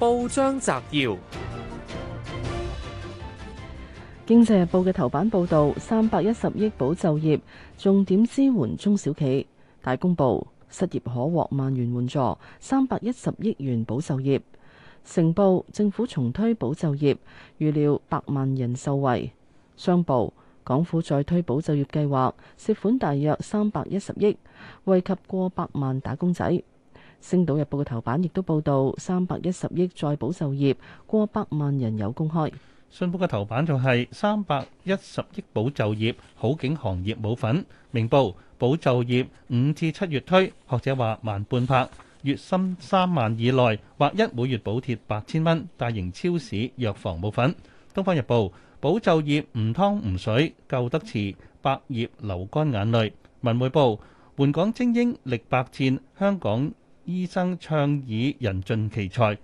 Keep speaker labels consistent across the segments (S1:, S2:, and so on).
S1: 報
S2: 章摘要：
S1: 經濟日報嘅頭版報道，三百一十億保就業，重點支援中小企。大公報：失業可獲萬元援助，三百一十億元保就業。成報：政府重推保就業，預料百萬人受惠。商報：港府再推保就業計劃，涉款大約三百一十億，惠及過百萬打工仔。《星島日報》嘅頭版亦都報道三百一十億再
S2: 保就業，過百萬人有公開。《信報》嘅頭版就係三百一十億保就業，好景行業冇份。《明報》保就業五至七月推，學者話慢半拍，月薪三萬以內或一每月補貼八千蚊。大型超市藥房冇份。《東方日報》保就業唔湯唔水，救得遲，百業流乾眼淚。《文匯報》援港精英力百戰，香港。醫生倡議人盡其才。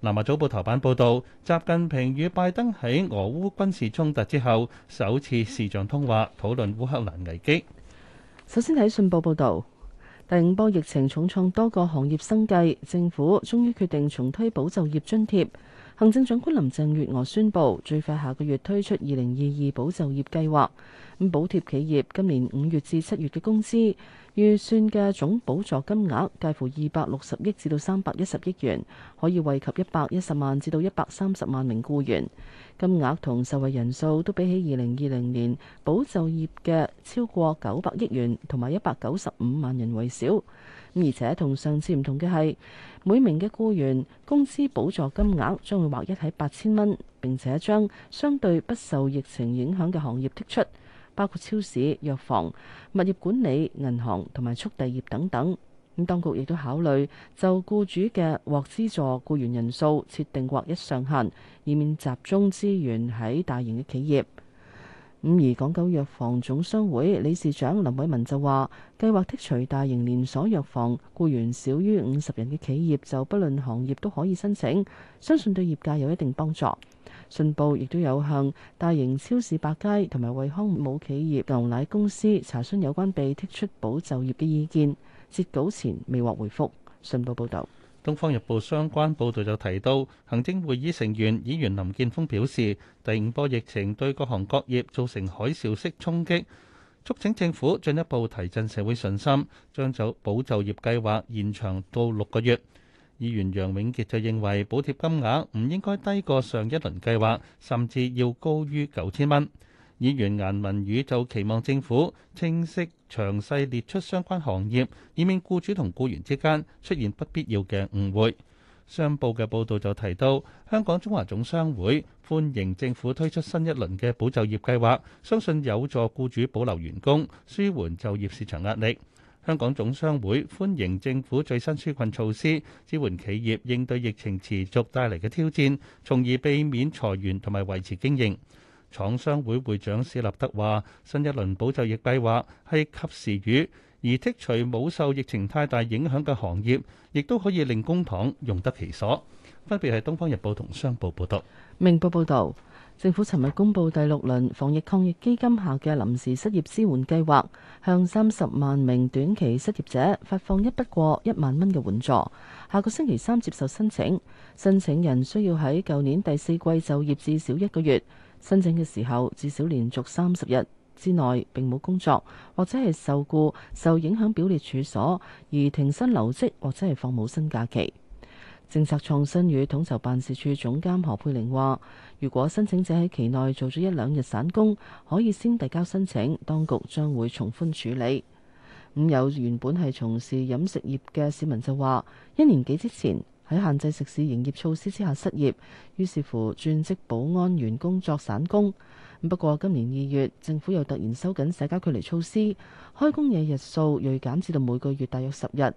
S2: 南華早報頭版報導，習近平與拜登喺俄烏軍事衝突之後，首次視像通話，討論烏克蘭危機。
S1: 首先睇信報報導，第五波疫情重創多個行業生計，政府終於決定重推保就業津貼。行政長官林鄭月娥宣布，最快下個月推出二零二二保就業計劃，咁補貼企業今年五月至七月嘅工資。預算嘅總補助金額介乎二百六十億至到三百一十億元，可以惠及一百一十萬至到一百三十萬名僱員。金額同受惠人數都比起二零二零年保就業嘅超過九百億元同埋一百九十五萬人為少。咁而且同上次唔同嘅係，每名嘅僱員工資補助金額將會劃一喺八千蚊，並且將相對不受疫情影響嘅行業剔出。包括超市、藥房、物業管理、銀行同埋速遞業等等。咁當局亦都考慮就僱主嘅獲資助僱員人數設定劃一上限，以免集中資源喺大型嘅企業。咁而港九藥房總商會理事長林偉文就話：計劃剔除大型連鎖藥房，僱員少於五十人嘅企業就不論行業都可以申請，相信對業界有一定幫助。信報亦都有向大型超市百佳同埋惠康母企業牛奶公司查詢有關被剔出保就業嘅意見，截稿前未獲回覆。信報報導，
S2: 《東方日報》相關報導就提到，行政會議成員議員林健鋒表示，第五波疫情對各行各業造成海嘯式衝擊，促請政府進一步提振社會信心，將就保就業計劃延長到六個月。議員楊永傑就認為補貼金額唔應該低過上一輪計劃，甚至要高於九千蚊。議員顏文宇就期望政府清晰詳細列出相關行業，以免僱主同僱員之間出現不必要嘅誤會。商報嘅報導就提到，香港中華總商會歡迎政府推出新一輪嘅補就業計劃，相信有助僱主保留員工，舒緩就業市場壓力。香港總商會歡迎政府最新紓困措施，支援企業應對疫情持續帶嚟嘅挑戰，從而避免裁員同埋維持經營。廠商會會長史立德話，新一輪保就業計劃係及時雨，而剔除冇受疫情太大影響嘅行業，亦都可以令工廠用得其所。分別係《東方日報》同《商報》報道，
S1: 《明報》報道。政府尋日公布第六輪防疫抗疫基金下嘅臨時失業支援計劃，向三十萬名短期失業者發放一筆過一萬蚊嘅援助。下個星期三接受申請，申請人需要喺舊年第四季就業至少一個月，申請嘅時候至少連續三十日之內並冇工作，或者係受僱受影響表列處所而停薪留職或者係放冇薪假期。政策創新與統籌辦事處總監何佩玲話：如果申請者喺期內做咗一兩日散工，可以先遞交申請，當局將會從寬處理。咁、嗯、有原本係從事飲食業嘅市民就話：一年幾之前喺限制食肆營業措施之下失業，於是乎轉職保安員工作散工。不過今年二月，政府又突然收緊社交距離措施，開工嘅日數銳減至到每個月大約十日，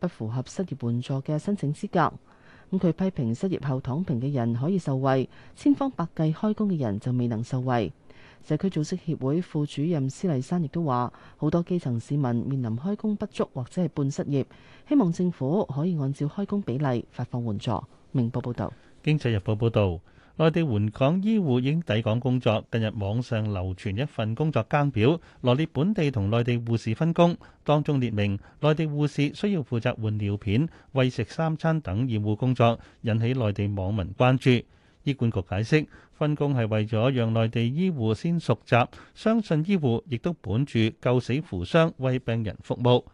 S1: 不符合失業援助嘅申請資格。咁佢批評失業後躺平嘅人可以受惠，千方百計開工嘅人就未能受惠。社區組織協會副主任施麗珊亦都話，好多基層市民面臨開工不足或者係半失業，希望政府可以按照開工比例發放援助。明報報道。
S2: 經濟日報報道。內地援港醫護已經抵港工作。近日網上流傳一份工作更表，羅列本地同內地護士分工，當中列明內地護士需要負責換尿片、餵食三餐等護理工作，引起內地網民關注。醫管局解釋，分工係為咗讓內地醫護先熟習，相信醫護亦都本住救死扶傷，為病人服務。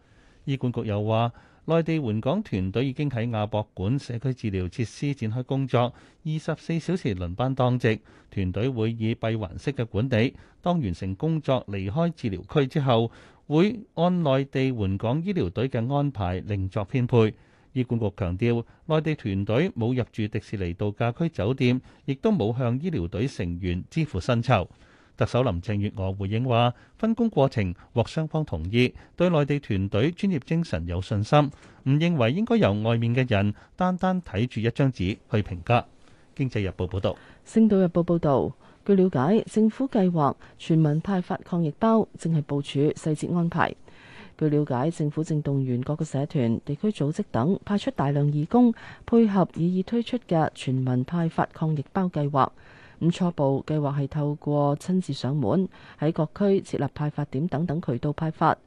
S2: 醫管局又話：內地援港團隊已經喺亞博館社區治療設施展開工作，二十四小時輪班當值。團隊會以閉環式嘅管理，當完成工作離開治療區之後，會按內地援港醫療隊嘅安排另作編配。醫管局強調，內地團隊冇入住迪士尼度假區酒店，亦都冇向醫療隊成員支付薪酬。特首林鄭月娥回應話，分工過程獲雙方同意，對內地團隊專業精神有信心，唔認為應該由外面嘅人單單睇住一張紙去評價。經濟日報報道。
S1: 星島日報報道，據了解，政府計劃全民派發抗疫包，正係部署細節安排。據了解，政府正動員各個社團、地區組織等，派出大量義工，配合以已推出嘅全民派發抗疫包計劃。咁初步計劃係透過親自上門，喺各區設立派發點等等渠道派發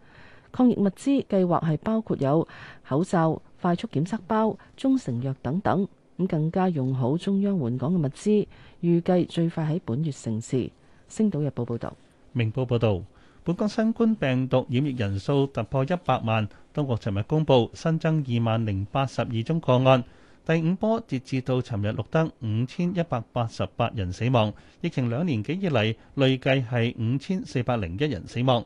S1: 抗疫物資，計劃係包括有口罩、快速檢測包、中成藥等等。咁更加用好中央援港嘅物資，預計最快喺本月成事。星島日報報道。
S2: 明報報道，本港新冠病毒染疫人數突破一百萬。當局尋日公佈新增二萬零八十二宗個案。第五波截至到尋日錄得五千一百八十八人死亡，疫情兩年幾以嚟累計係五千四百零一人死亡。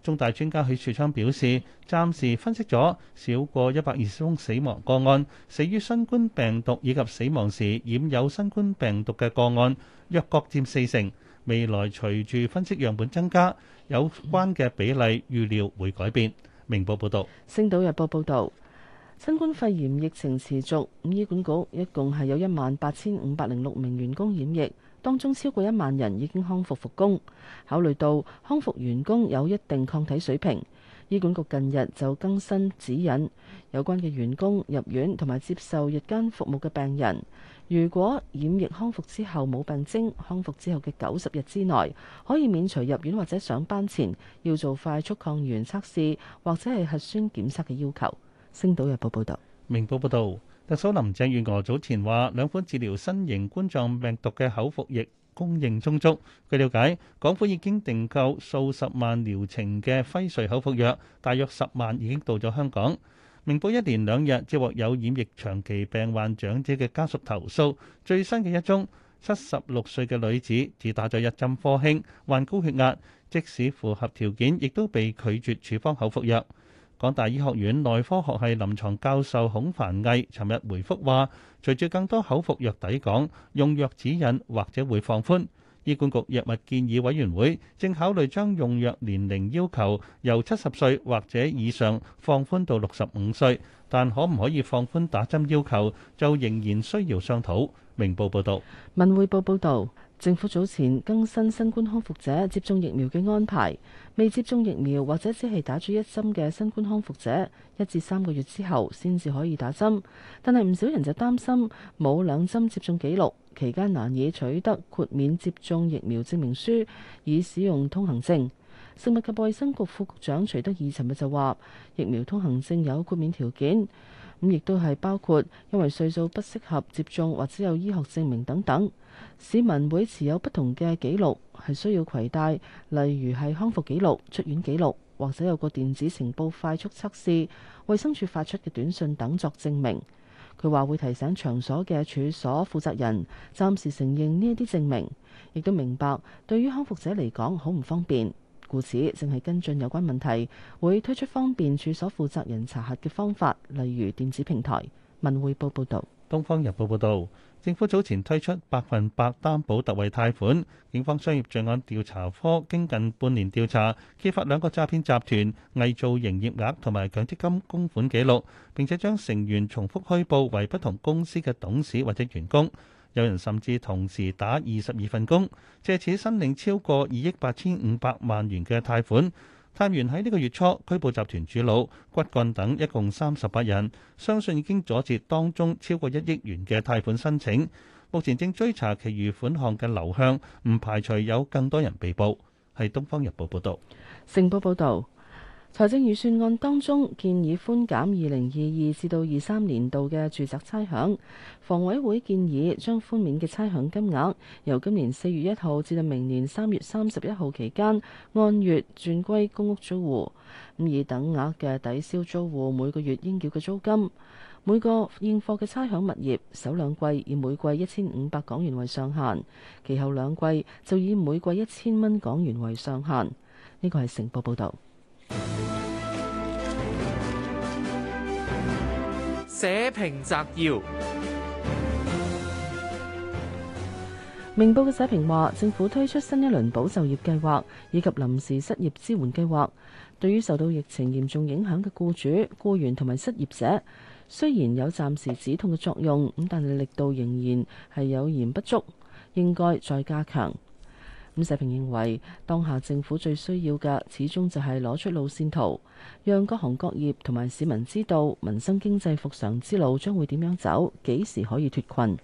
S2: 中大專家許樹昌表示，暫時分析咗少過一百二十宗死亡個案，死於新冠病毒以及死亡時染有新冠病毒嘅個案，約各佔四成。未來隨住分析樣本增加，有關嘅比例預料會改變。明報報道。《星島日
S1: 報》報道。.新冠肺炎疫情持續，醫管局一共係有一萬八千五百零六名員工染疫，當中超過一萬人已經康復復工。考慮到康復員工有一定抗體水平，醫管局近日就更新指引，有關嘅員工入院同埋接受日間服務嘅病人，如果染疫康復之後冇病徵，康復之後嘅九十日之內，可以免除入院或者上班前要做快速抗原測試，或者係核酸檢測嘅要
S2: 求。星島日報報道，明報報道，特首林鄭月娥早前話，兩款治療新型冠狀病毒嘅口服液供應充足。據了解，港府已經訂購數十萬療程嘅輝瑞口服藥，大約十萬已經到咗香港。明報一連兩日接獲有染疫長期病患長者嘅家屬投訴，最新嘅一宗七十六歲嘅女子，只打咗一針科興，患高血壓，即使符合條件，亦都被拒絕處方口服藥。港大醫學院內科學系臨床教授孔凡毅尋日回復話，隨住更多口服藥抵港，用藥指引或者會放寬。醫管局藥物建議委員會正考慮將用藥年齡要求由七十歲或者以上放寬到六十五歲，但可唔可以放寬打針要求，就仍然需要商討。明報報道，
S1: 文匯報報道。政府早前更新新冠康復者接種疫苗嘅安排，未接種疫苗或者只係打咗一針嘅新冠康復者，一至三個月之後先至可以打針。但係唔少人就擔心冇兩針接種記錄期間難以取得豁免接種疫苗證明書，以使用通行證。食物及衛生局副局長徐德義尋日就話疫苗通行證有豁免條件。咁亦都係包括因為歲數不適合接種，或者有醫學證明等等，市民會持有不同嘅記錄係需要攜帶，例如係康復記錄、出院記錄，或者有個電子呈報快速測試，衛生署發出嘅短信等作證明。佢話會提醒場所嘅處所負責人暫時承認呢一啲證明，亦都明白對於康復者嚟講好唔方便。故此，正係跟進有關問題，會推出方便處所負責人查核
S2: 嘅方法，例如電子平台。文匯報報道，東方日報報道。政府早前推出百分百擔保特惠貸款。警方商業罪案調查科經近半年調查，揭發兩個詐騙集團偽造營業額同埋強積金供款記錄，並且將成員重複虛報為不同公司嘅董事或者員工。有人甚至同時打二十二份工，借此申領超過二億八千五百萬元嘅貸款。探員喺呢個月初拘捕集團主腦、骨幹等一共三十八人，相信已經阻截當中超過一億元嘅貸款申請。目前正追查其餘款項嘅流向，唔排除有更多人被捕。係《東方日報》報道。
S1: 成報報道。財政預算案當中建議寬減二零二二至到二三年度嘅住宅差餉，房委會建議將寬免嘅差餉金額由今年四月一號至到明年三月三十一號期間按月轉歸公屋租戶，咁以等額嘅抵消租戶每個月應繳嘅租金。每個應課嘅差餉物業首兩季以每季一千五百港元為上限，其後兩季就以每季一千蚊港元為上限。呢個係成報報導。
S2: 社評摘要。
S1: 明報嘅社評話，政府推出新一輪保就業計劃以及臨時失業支援計劃，對於受到疫情嚴重影響嘅僱主、僱員同埋失業者，雖然有暫時止痛嘅作用，咁但係力度仍然係有嫌不足，應該再加強。咁社評認為，當下政府最需要嘅始終就係攞出路線圖，讓各行各業同埋市民知道民生經濟復常之路將會點樣走，幾時可以脫困。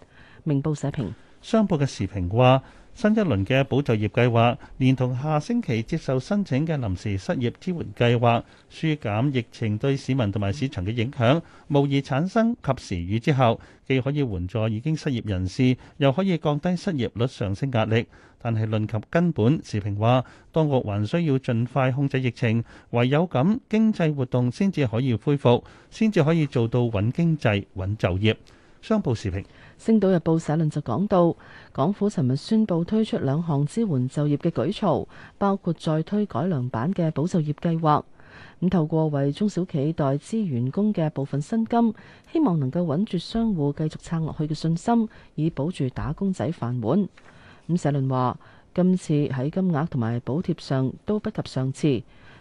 S1: 明報
S2: 社評，商報嘅時評話。新一輪嘅保就業計劃連同下星期接受申請嘅臨時失業支援計劃舒減疫情對市民同埋市場嘅影響，無疑產生及時雨之後既可以援助已經失業人士，又可以降低失業率上升壓力。但係論及根本，時評話當局還需要盡快控制疫情，唯有咁經濟活動先至可以恢復先至可以做到穩經濟穩就業商報時評。
S1: 《星島日報》社論就講到，港府尋日宣布推出兩項支援就業嘅舉措，包括再推改良版嘅保就業計劃，咁、嗯、透過為中小企代支員工嘅部分薪金，希望能夠穩住商戶繼續撐落去嘅信心，以保住打工仔飯碗。咁、嗯、社論話，今次喺金額同埋補貼上都不及上次，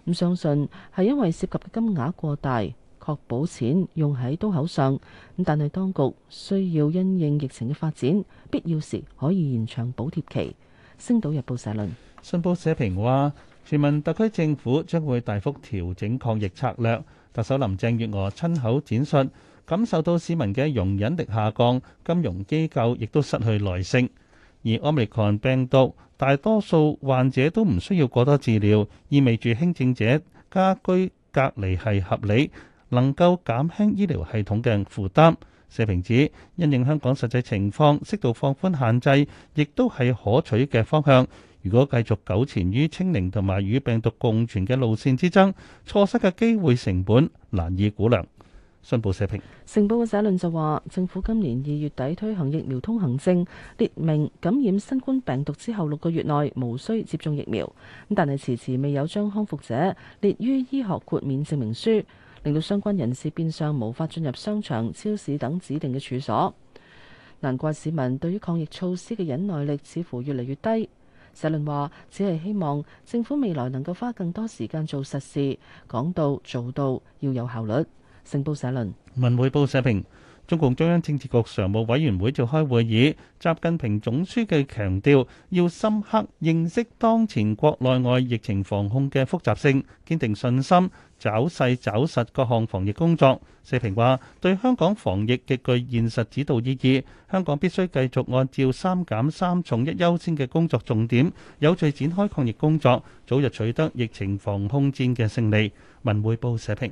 S1: 咁相信係因為涉及嘅金額過大。確保錢用喺刀口上，咁但係當局需要因應疫情嘅發展，
S2: 必要時可以延長補貼期。星島日報社論。信報社評話：全民特區政府將會大幅調整抗疫策略。特首林鄭月娥親口展述，感受到市民嘅容忍力下降，金融機構亦都失去耐性。而 Omicron 病毒大多數患者都唔需要過多治療，意味住輕症者家居隔離係合理。能夠減輕醫療系統嘅負擔，社評指因應香港實際情況，適度放寬限制，亦都係可取嘅方向。如果繼續糾纏於清零同埋與病毒共存嘅路線之爭，錯失嘅機會成本難以估量。新報社評。
S1: 成報嘅社論就話，政府今年二月底推行疫苗通行證，列明感染新冠病毒之後六個月內無需接種疫苗，咁但係遲遲未有將康復者列於醫學豁免證明書。令到相關人士變相無法進入商場、超市等指定嘅處所，難怪市民對於抗疫措施嘅忍耐力似乎越嚟越低。社論話：只係希望政府未來能夠花更多時間做實事，講到做到，要有效率。
S2: 成報社論，文匯報社評。中共中央政治局常務委員會召開會議，習近平總書記強調，要深刻認識當前國內外疫情防控嘅複雜性，堅定信心，抓細抓實各項防疫工作。社評話，對香港防疫極具現實指導意義。香港必須繼續按照三減三重一優先嘅工作重點，有序展開抗疫工作，早日取得疫情防控戰嘅勝利。文匯報社評。